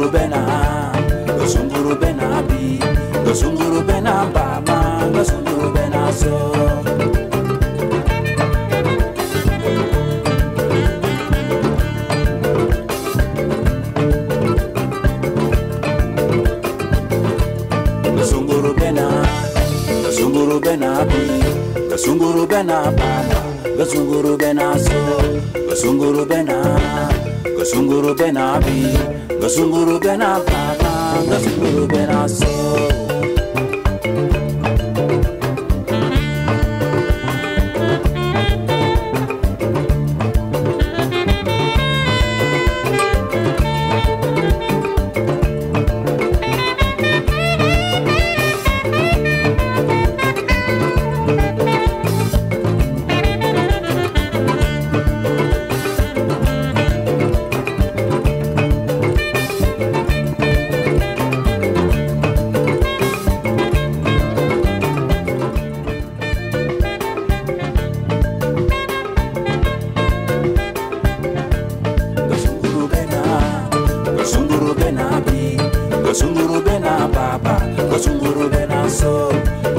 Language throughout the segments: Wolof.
sunguru bena, do sunguru bena bi, do sunguru bena ba. Gasunguru bena abi, gasunguru bena tata, gasunguru bena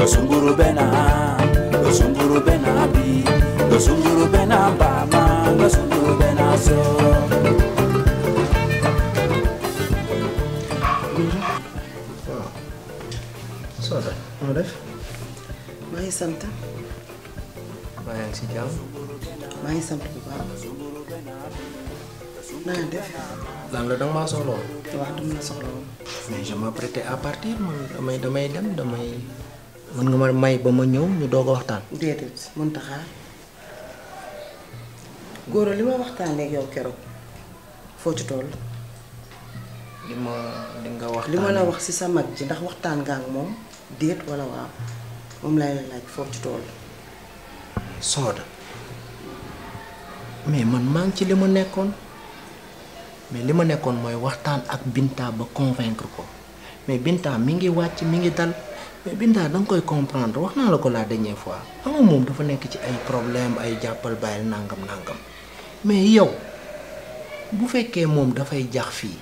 Osunguru bena, osunguru bena bi, osunguru bena bama, osunguru bena so. Soda, Madef. Mai santa. Bayang si jam. Mai santa ba. Nah, Def. Lan ladang ma solo. Tuh adem na solo. May jama prete apartir mo damay damay dam damay mën nga ma may ba ma ñëw ñu doog a waxtaan. déedéet mënut a xaar góor li ma waxtaanee ak yow keroog foo ci toll. li ma li nga wax li ma la wax ci sa mag ji ndax waxtaan nga moom déet wala waaw moom lay la laaj foo ci toll. Soda mais man maa ngi ci li ma nekkoon mais li ma nekkoon mooy waxtaan ak Binta ba convaincre ko mais Binta mi ngi wàcc mi ngi dal. mais Binta da koy comprendre wax naa la ko la dernière fois xam nga moom dafa nekk ci ay problème ay jàppal bàyyil nangam nangam mais yow bu fekkee moom dafay jax fii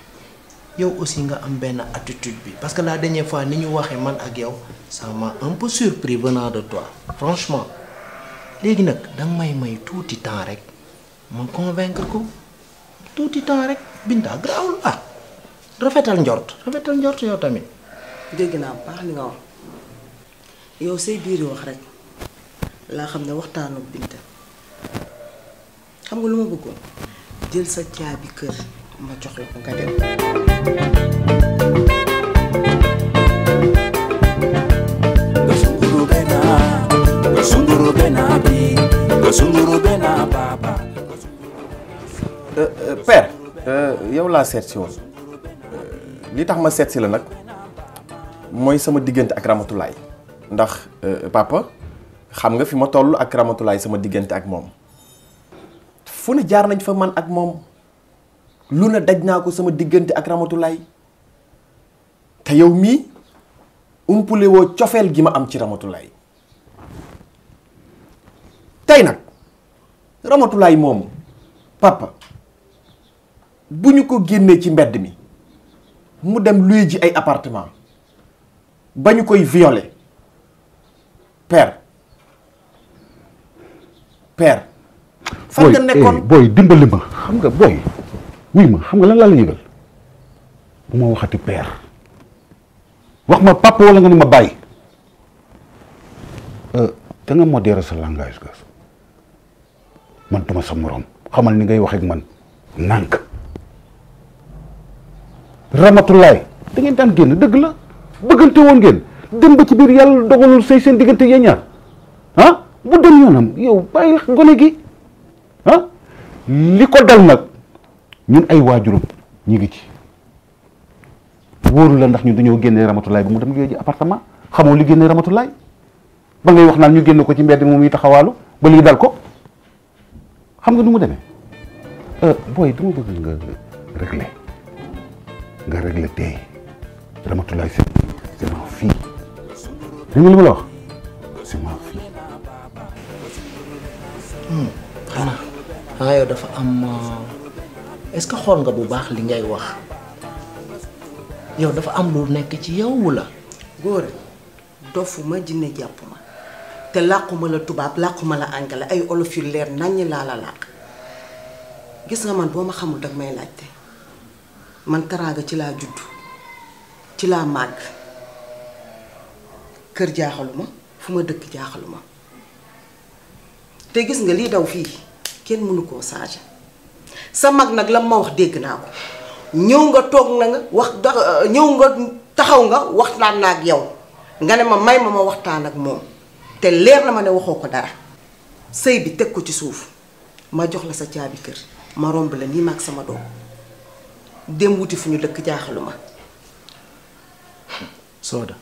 yow aussi nga am benn attitude bi parce que la dernière fois ni ñu waxee man ak yow ça un peu surpris venant de toi franchement léegi nag danga may may tuuti temps rek ma convaincre ko tuuti temps rek Binta garaawul ah rafetal njort rafetal njort yow tamit. dégg naa baax li nga wax. yow say biir wax rek laa xam ne waxtaanoog Binta xam nga lu ma bëggoon jël sa caabi kër ma jox la nga dem. nga sunguru euh, euh, euh, laa seet woon li tax ma seetsi la nag mooy sama diggante ak Ramatulaay. ndax euh, papa xam nga fi ma toll ak Ramatulaay sama diggante ak moom fu ne jaar nañ fa man ak moom lu ne daj naa ko sama diggante ak Ramatulaay te yow mii umpule cofeel gi ma am ci Ramatulaay tey nag Ramatulaay moom papa bu ñu ko génnee ci mbedd mi mu dem luy ji ay apartement ba ñu koy violer père père Boy, nga nekkoon eh, booy dimbali ma xam nga boy wi ma xam nga lan laa la yëgal buma waxati père wax ma papa wala nga ni ma euh da nga modérer sa langage gars man duma sa morom xamal ni ngay wax ak man nank ramatulaay da ngeen tan genn deug la beugante won genn dem ba ci bir yalla dogalul sey sen diggante ye ñaar ah bu dem yoonam yow bayil gone gi ah liko dal nak ñun ay wajurum ñi gi ci wóoru la ndax ñu dañu génnee ramatulaay ba mu dem liggéey appartement xamoo li génnee ramatulaay ba ngay wax naan ñu génn ko ci mbedd mu mi taxawalu ba lii dal ko xam nga nu mu demee euh, booy dama bëgg nga régler nga régler té c'est ma fille dégg nga li ma la wax hmm. xanaa xanaa yow dafa am euh, est-ce xool nga bu baax li ngay wax yow dafa am lu nekk ci yow wala. góor dofuma jinne jàpp ma te làquma la tubaab làquma la anglais ay olof yu leer naññ laa la làq gis nga man boo ma xamul dag may laajte man teraanga ci laa judd ci laa màgg. kër jaaxaluma fu ma dëkk jaaxaluma te gis nga lii daw fii kenn mënu koo saaja sa mag nag la ma wax dégg naa ko ñëw nga toog na nga wax ñëw nga taxaw nga waxtaan naa ak yow nga ne ma may ma ma waxtaan ak moom te leer na ma ne waxoo ko dara sëy bi teg ko ci suuf ma jox la sa caabi kër ma romb la nii ma ak sama doom dem wuti fu ñu dëkk jaaxaluma sooda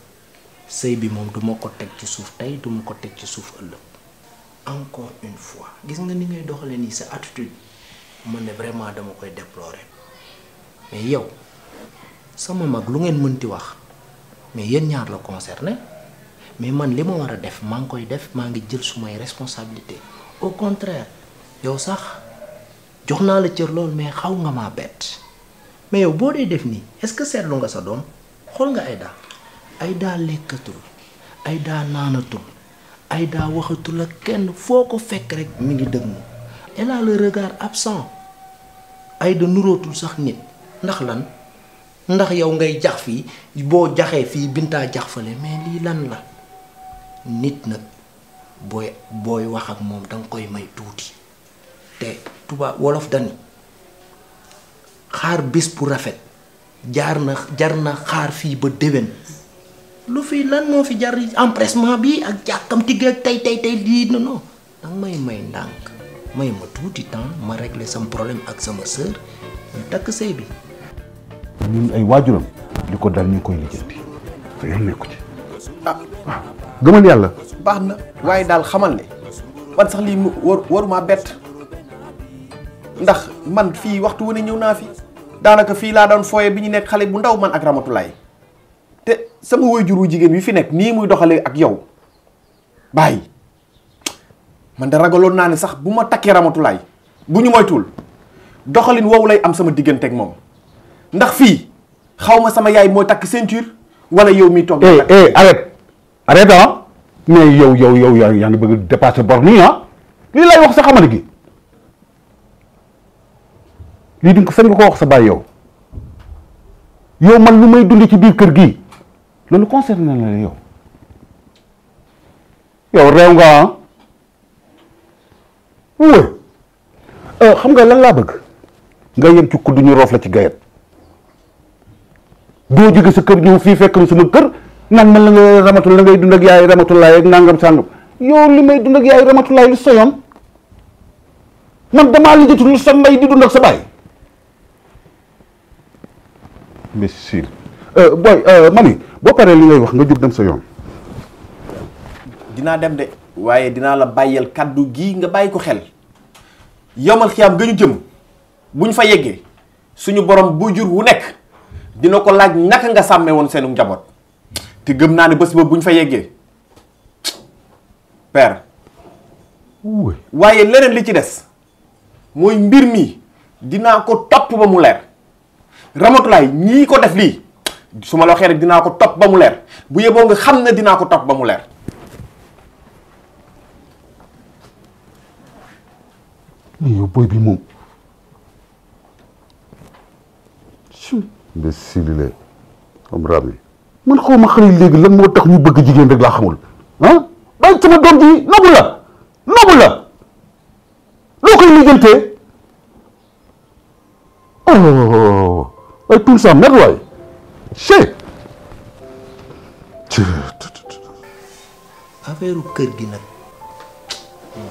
sëy bi moom du ma ko teg ci suuf tey du ma ko teg ci suuf ëllëg encore une fois gis nga ni ngay doxale nii sa attitude man ne vraiment dama koy déplorer mais yow sama mag lu ngeen mënti wax mais yéen ñaar la concerné mais man li ma war a def maa ngi koy def maa ngi jël sumay responsabilité au contraire yow sax jox naa la cër lool mais xaw nga maa bett mais yow boo dee def nii est-ce que seetlu nga sa doom xool nga ay daal ay daa lekkatul ay daa naanatul ay daa waxatul ak kenn foo ko fekk rek mi ngi dëgg mu elle a le absent ay da nurootul sax nit ndax lan ndax yow ngay jax fii boo jaxee fii bintaa jax fale mais lii lan la nit nag booy booy wax ak moom danga koy may tuuti te tubaab wolof dani xaar bés bu rafet jaar na jar na xaar fii ba déwén lu fi lan mo fi jar empressement bi ak jakam gi ak tay tay tay di non non dang may may dank may ma touti temps ma régler sam problème ak sama sœur ni tak sey bi ñun ay wajuram diko dal koy fa yam ci ah, ah. gëmal yalla baxna way dal xamal ne man sax li war waruma bet, ndax man fi waxtu wu ñew na fi danaka fi la doon fooye biñu nek xalé bu ndaw man ak te sama waajur jigen jigéen wi fi nek ni muy doxale ak yow bay man da ragalon naa ne sax buma ma ramatu lay buñu moytul doxalin woowu lay am sama digganteeg mom ndax fi xawma sama yaay ceinture wala yow mi tok eh eh arrête arrête ah mais yow yow yow ya nga bëgg dépasser bor nii ah lii lay wax sa xamal gi li di ko nga ko wax sa bay yow yow man lu may dund ci biir kër gi. loolu concerné na la yow yow réew nga ah euh, xam nga lan laa bëgg nga yem ci kudd ñu roof la ci gayet doo jóge sa kër ñëw fii fekk na sama kër naan man la nga ramatul la ngay dund ak yaay ramatulaay ak nangam sàngam yow li may dund ak yaay ramatulaay lu soyoon man damaa lijjatu lu sa mbay di dund sa baay Euh, boy euh, mami bo paré li ngay wax nga jog dem sa yoon. dina dem de waye dina la bayel kaddu gi nga bàyyi ko xel yomal xiyam nga jëm buñ fa yeggé suñu borom bu jur wu nek dina ko laaj naka nga samé won seenu njaboot te gëm na ni bëss bo buñ fa yeggé père. waye leneen li ci dess moy mbir mi dina ko top ba mu leer Ramatoulaye ñi ko def li suma la waxé rek dina ko top ba mu leer bu yebo nga xamné dina ko top ba mu leer. ni yo boy bi moom. be silile am rabbi man xaw ma xale léegi lan mo tax ñu bëgg jigéen rek la xamul ah ci sama doom ji nobu la nobu la lo koy ligënté oh ay tout ça mer waay. che affaire kër gi nag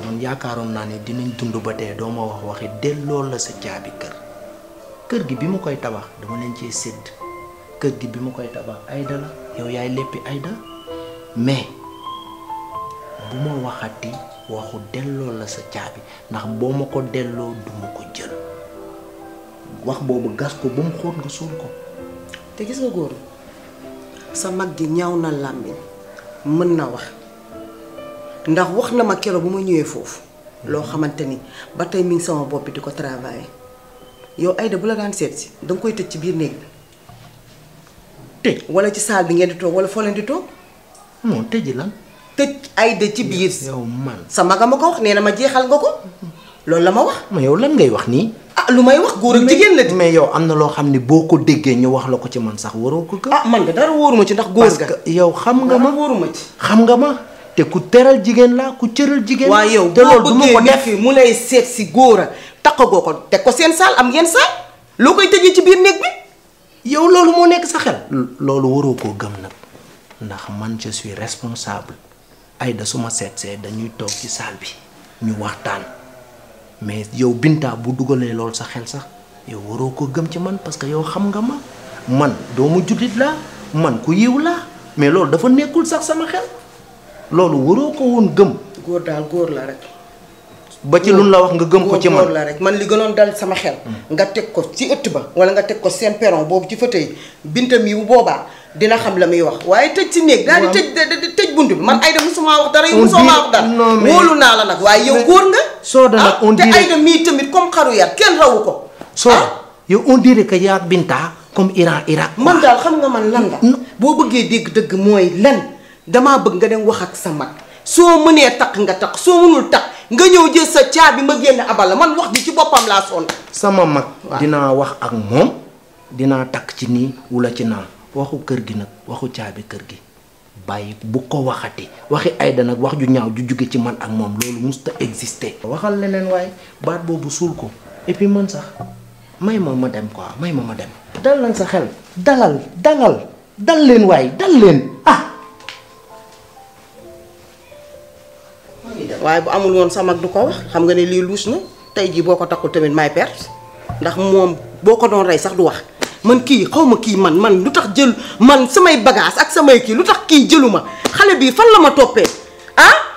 man yaakaaroon naa ne dinañ dund ba tey doo ma wax waxi delloo la sa caabi kër kër gi bi ma koy tabax dama leen cee sédd kër gi bi ma koy tabax ayda la yow yaay leppi ayda mais bu ma waxati waxu delloo la sa caabi ndax boo ko delloo du ma ko jël wax boobu gas ko te gis nga góor sa mag gi ñaaw na làmmiñ mën na wax ndax wax na ma kero bu ma ñëwee foofu loo xamante ni ba tey mi ngi sama bopp bi di ko travailler yow Aïda bu la daan seet si danga koy tëj ci biir néeg bi tëj wala ci saal bi ngeen di toog wala foo leen di toog moo tëj lan tëj Aïda ci biir yow man sa maga ma ko wax nee na ma jeexal nga ko loolu la ma wax ma yow lan ngay wax nii Ah, lu may wax góor ak jigéen la mais yow am na loo xam ne boo ko déggee ñu wax la ko ci man sax waroo ko gëm ah, man de dara wóoruma ci ndax góor nga yow xam nga ma wóoruma ci xam nga ma te ku teral jigéen la ku cëral jigéen waaw yow te loolu du ma ko mu lay seet si góor a taqagoo ko teg ko seen saal am ngeen saal loo koy tëjee ci biir néeg yow loolu moo nekk sa xel koo gëm nag ndax man je suis responsable Aïda su ma seetsee dañuy toog ci saal bi ñu waxtaan mais yow Binta bu dugalee loolu sa xel sax yow waroo ko gëm ci man parce que yow xam nga ma man doomu jullit la man ku yiw la mais loolu dafa nekkul sax sama xel loolu waroo ko woon gëm. góor daal góor la rek. ba ci luñ la wax nga gëm ko ci man la rek man li gënoon dal sama xel hmm. nga teg ko ci ëtt ba wala nga teg ko seen perron boobu ci fauteuil bintam yi bu boobaa dina xam la muy wax waaye tëj ci néeg daal di tëj tëj bunt bi man Aïda musuma wax dara yow musuma wax dara wóolu naa la nag waaye yow góor nga Soda nag ah, on dirait te Aïda mii tamit comme xaru yar kenn rawu ko Soda ah? yow on dirait que yaa Binta comme Iran Irak man daal xam nga man lan la boo bëggee dégg dëgg mooy lan damaa bëgg nga dem wax ak sa mag so mune tak nga tak so munul tak nga ñew jël sa caabi ma genn abal man wax di ci bopam la son sama mak, dina wax ak mom dina tak ci ni wula ci na waxu kër gi nak waxu caabi kër gi bàyyi bu ko waxati waxi ayda nak wax ju ñaaw ju joge ci man ak mom lolu musta exister. waxal leneen way baat bobu sul ko et puis man sax may ma ma dem quoi may ma ma dem. dal lan sa xel dalal dalal dal len way dal len ah. waaye bu amul woon sa mag du ko wax xam nga ne lii luus na tey jii boo ko takkul tamit may perte ndax moom boo ko doon rey sax du wax man kii xaw ma kii man man lu tax jël man samay bagage ak samay kii lu tax kii jëlu ma xale bii fan la ma toppee ah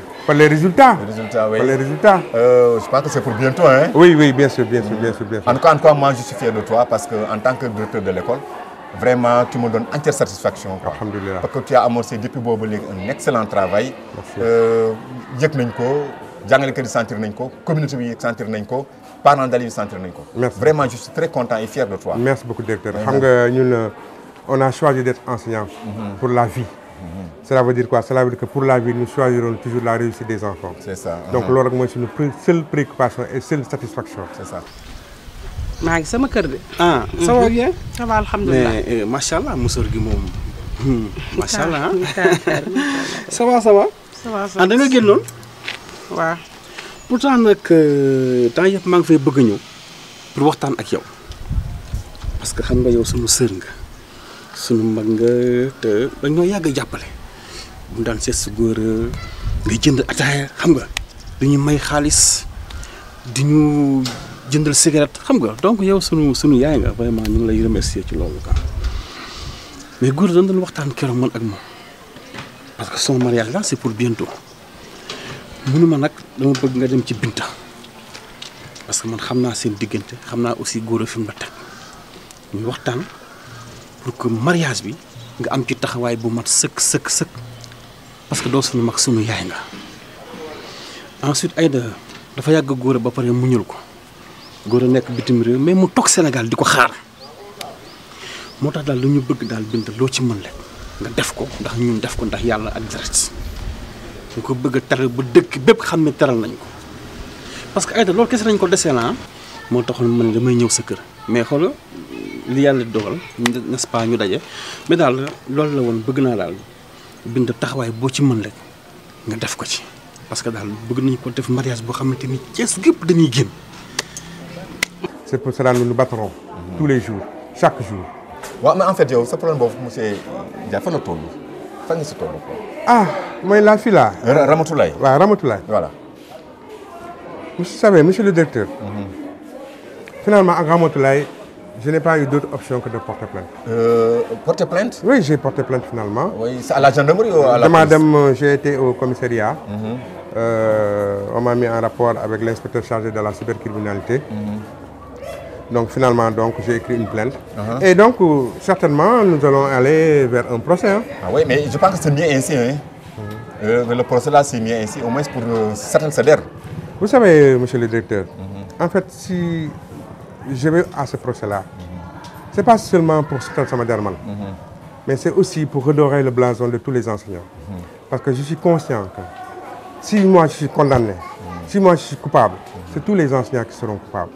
Pour les résultats. Les résultats, oui. les résultats. Euh, je pense que c'est pour bientôt, hein Oui, oui, bien sûr, bien sûr, bien sûr, bien sûr. En tout cas, en moi, je suis fier de toi parce qu'en tant que directeur de l'école, vraiment, tu me donnes entière satisfaction. Parce que tu as amorcé depuis Bobo un excellent travail. Merci. Euh, jàngalekat yi sentir communauté bi sentir parents d'élèves yi vraiment je suis très content et fier de toi. merci beaucoup directeur xam nga euh, on a choisi d'être enseignant. Mhm. pour la vie. Cela veut dire quoi Cela veut dire que pour la vie, nous choisirons toujours la réussite des enfants. C'est ça. Donc, uh-huh. loolu rek c'est suñu seule préoccupation et seule satisfaction. C'est ça. Mais ngi sama kër de. ah ça va mhm. bien. ça va alhamdulilah mais eh, macha allah musóor gi moom. Hmm, allah ah. ça va ça va. ça va ça ah, va ah da nga génnoon. waaw. pourtant nag euh, temps je maa ngi pour voir ak yow parce que xam nga yow sama ma sœur..! suñu mag nga te dañoo yàgg jàppale bu mu daan seet si góor nga jënd ataaya xam nga dañuy may xaalis di ñu jëndal cigarette xam nga donc yow sunu sunu yaay nga vraiment ñu ngi lay remercier ci loolu quoi mais góor dañ doon waxtaan keroog man ak moom parce que son mariage là c'est pour bientôt mënu ma nag dama bëgg nga dem ci Binta parce que man xam naa seen diggante xam naa aussi góor a fi la teg ñu waxtaan. pour que mariage bi nga am ci taxaway bu mat seuk seuk seuk parce que do sunu mak sunu yaay nga ensuite ayda dafa yag goor ba pare muñul ko goor nekk bitim rew mais mu tok senegal di xaar motax dal daal lu ñu bëgg dal bint lo ci mën rek nga def ko ndax ñun def ko ndax yalla ak deret ñu ko bëgg tar bu dëkk bëpp xam nañ ko parce que ayda lool kess nañ ko déssé la ah. mo taxul man damay ñëw sa kër mais xol li yàlla dogal nest ñu daje mais daal loolu la woon bëgg naa daal bind taxawaay boo ci mën rek nga def ko ci. parce que daal bëgg nañu ko def mariage boo xamante ni Cees gépp dañuy génn. c'est pour cela nous nous battrons. tous les jours chaque jour. sa problème boobu monsieur Dia fan la toll fan nga si toll quoi. ah mooy la fille là. Ramatoulaye waaw Ramatoulaye voilà. monsieur le directeur. Mhm. finalement ak Ramatoulaye Je n'ai pas eu d'autre option que de porter plainte. Euh, porter plainte Oui, j'ai porté plainte finalement. Oui, à la gendarmerie ou à la Madame, euh, j'ai été au commissariat. Mhm. Euh, on m'a mis en rapport avec l'inspecteur chargé de la cybercriminalité. Mhm. Donc finalement, donc, j'ai écrit une plainte. Uh-huh. Et donc, euh, certainement, nous allons aller vers un procès. Hein. Ah oui, mais je pense que c'est bien ainsi. Hein. Mhm. le procès là, c'est mieux ainsi, au moins pour certaines salaires. Vous savez, monsieur le directeur, en fait, si je vais à ce procès-là. Ce n'est pas seulement pour sa Derman, mais c'est aussi pour redorer le blason de tous les enseignants. Parce que je suis conscient que si moi je suis condamné, si moi je suis coupable, c'est tous les enseignants qui seront coupables.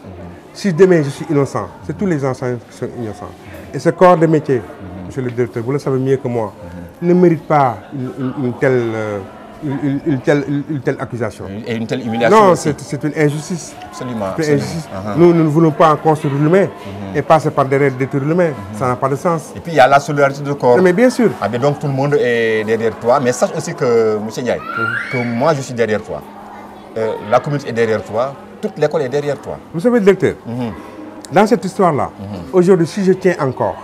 Si demain je suis innocent, c'est tous les enseignants qui sont innocents. Et ce corps de métier, monsieur le directeur, vous le savez mieux que moi, ne mérite pas une, telle... Euh, une, telle, accusation. Et une telle humiliation Non, c'est une injustice. Absolument. Une injustice. Uh-huh. Nous, ne voulons pas construire le uh-huh. et passer par derrière détruire le uh-huh. Ça n'a pas de sens. Et puis il y a la solidarité de corps. Mais bien sûr. Ah, donc tout le monde est derrière toi. Mais sache aussi que, M. Ndiaye, que moi je suis derrière toi. Euh, la commune est derrière toi. Toute l'école est derrière toi. Vous savez, le directeur, dans cette histoire-là, aujourd'hui, si je tiens encore,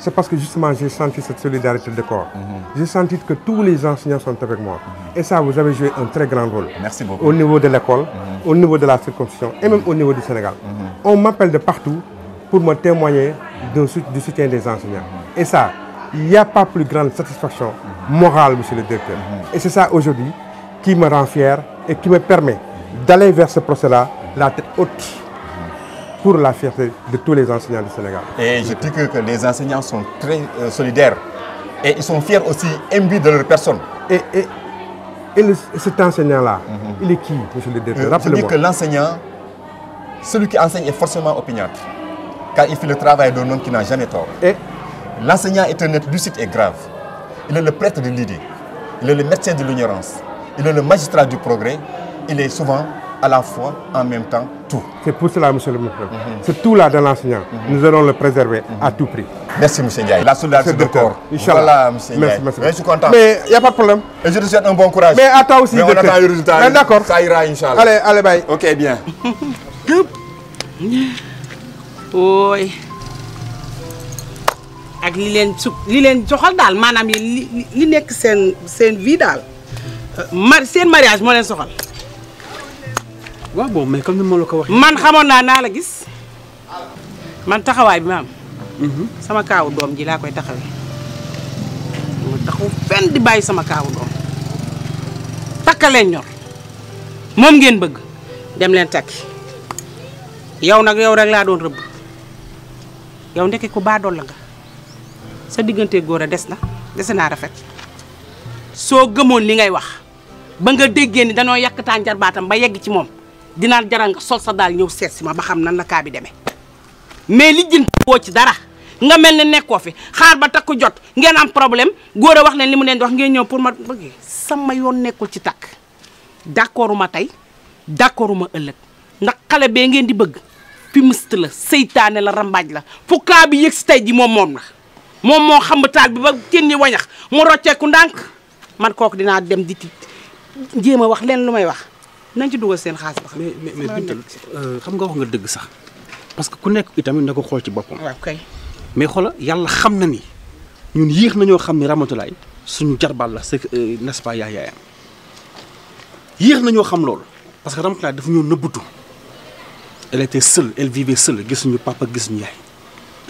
c'est parce que justement j'ai senti cette solidarité de corps. Mhm. J'ai senti que tous les enseignants sont avec moi. Mhm. Et ça, vous avez joué un très grand rôle. Merci beaucoup. Au niveau de l'école, mhm. au niveau de la circonscription et même au niveau du Sénégal. On m'appelle de partout pour me témoigner du soutien des enseignants. Et ça, il n'y a pas plus grande satisfaction morale, monsieur le directeur. Et c'est ça aujourd'hui qui me rend fier et qui me permet d'aller vers ce procès-là la tête haute pour la fierté de tous les enseignants du Sénégal. Et je dis que, les enseignants sont très euh, solidaires et ils sont fiers aussi, imbus de leur personne. Et, cet enseignant-là, mhm. il est qui, monsieur le directeur euh, Je dis que l'enseignant, celui qui enseigne est forcément opiniâtre, car il fait le travail d'un homme qui n'a jamais tort. Et L'enseignant est un être lucide et grave. Il est le prêtre de l'idée, il est le médecin de l'ignorance, il est le magistrat du progrès, il est souvent à la fois, en même temps, tout. C'est pour cela, monsieur le ministre. C'est tout là dans l'enseignant. Nous allons le préserver à tout prix. Merci, monsieur Ndiaye. La solidarité de corps. Voilà, monsieur merci, Monsieur. Mais je suis content. Mais il n'y a pas de problème. je te souhaite un bon courage. Mais attends aussi. Mais on attend le résultat. D'accord. Ça ira, Inch'Allah. Allez, allez, bye. Ok, bien. oui. ak tu, leen su li leen joxal Dal, c'est li li nekk seen seen vie euh, mari mariage waaw bon mais comme ni ma la ko waxee. man xamoon naa naa la gis man taxawaay bi ma mhm. sama kaawu doom ji laa koy taxawee. ma taxaw fenn di bàyyi sama kaawu doom takkaleen ñor moom ngeen bëgg dem leen takki yow nag yow rek laa doon rëbb yow ndeke ko baadool la nga sa diggante góor a des na dese naa rafet soo gëmoon li ngay wax ba nga déggee ni danoo yàq tànjar baatam ba yegg ci moom. Dinar jarang nga sol sa dal ñew sét ma ba xam nan la ka bi démé mais li jinn woo ci dara nga melni nekko fi xaar ba takku jot ngeen am problème góor wax ne limu mu leen wax ngeen ñew pour ma bëgg sama yoon nekkul ci tak d'accorduma tay d'accorduma ëlëk ndax xalé be ngeen di bëgg mist la seytane la rambaaj la fu ka bi yex tay di mom mom la mom mo xam taal bi ba kenn wañax mu ndank man kok dina dem di ti jema wax leen lumay wax nañ ci dugal seen xaalis ba euh, xam. nga wax nga dëgg sax parce que ku nekk itamit na ko xool ci boppam. waaw kay mais xoola yàlla xam na ni ñun yéex nañoo xam ni Ramatulaay suñu jarbaal la c'est euh, n'est-ce pas yaay yéex nañoo xam loolu parce que Ramatulaay dafa ñoo nëbbutu elle était seule elle vivait seule gisuñu papa gisuñu yaay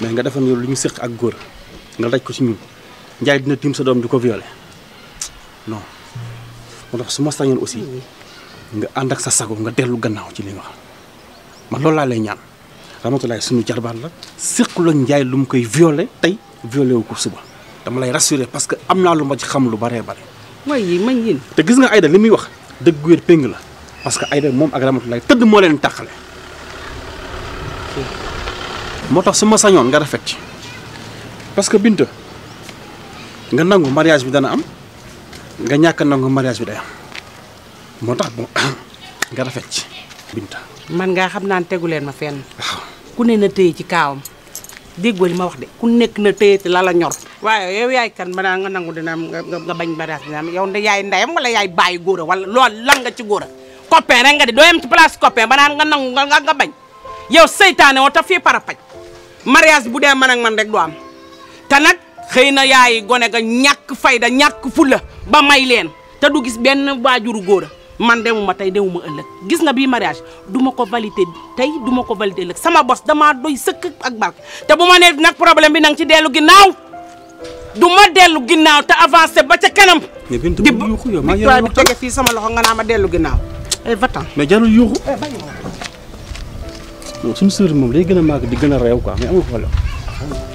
mais nga defoon yow lu ñu séq ak góor nga daj ko ci ñun Njaay dina tiim sa doom di ko violé non moo tax su ma sañoon aussi. nga ànd ak sa sago nga dellu gannaaw ci li nga xam man loolu laa lay ñaan Ramatulaay suñu jarbaat la séqula njaay lu mu koy violé tey violé wu ko suba dama lay rassuré parce que am naa lu ma ci xam lu baree bare waaye man te gis nga Aïda li muy wax dëgg wér péng la parce que Aïda moom ak Ramatulaay tëdd moo leen tàqale moo tax su ma sañoon nga rafet ci parce que Binta nga nangu mariage bi dana am nga ñàkk nangu mariage bi day am moo tax bon nga rafet ci Binta. man ngaa xam naan tegu leen ma fen ku ne na téye ci kaawam déggoo li ma wax de ku nekk na téye ci la la ñor. waaye yow yaay kan ba nga nangu dina nga bañ baraas dina am yow nda yaay ndeyam wala yaay bàyyi góor wala loolu lan nga ci góor a. rek nga di doo yem ci place copain ba nga nangu nga nga bañ yow seytaane woo te fii parapaj mariage bu dee man ak man rek du am te nag xëy na yaay gone ga ñàkk fayda ñàkk fulla ba may leen te du gis benn waajuru góor a man demuma tey demuma ëllëg gis nga bii mariage duma ko valider tey duma ko valider ëllëg sama bos dama doy sëkk ak barke te bu ma nee nag problème bi nang ci dellu ginnaaw du ma dellu ginnaaw te avancé ba ca kanam. mais Bintu ma yuuxu yow di tege fii sama loxo nga naa ma dellu ginnaaw. ay eh, vatan mais jarul yuuxu. Eh, non suñu sœur moom day gën a màgg di gën a réew quoi amul problème.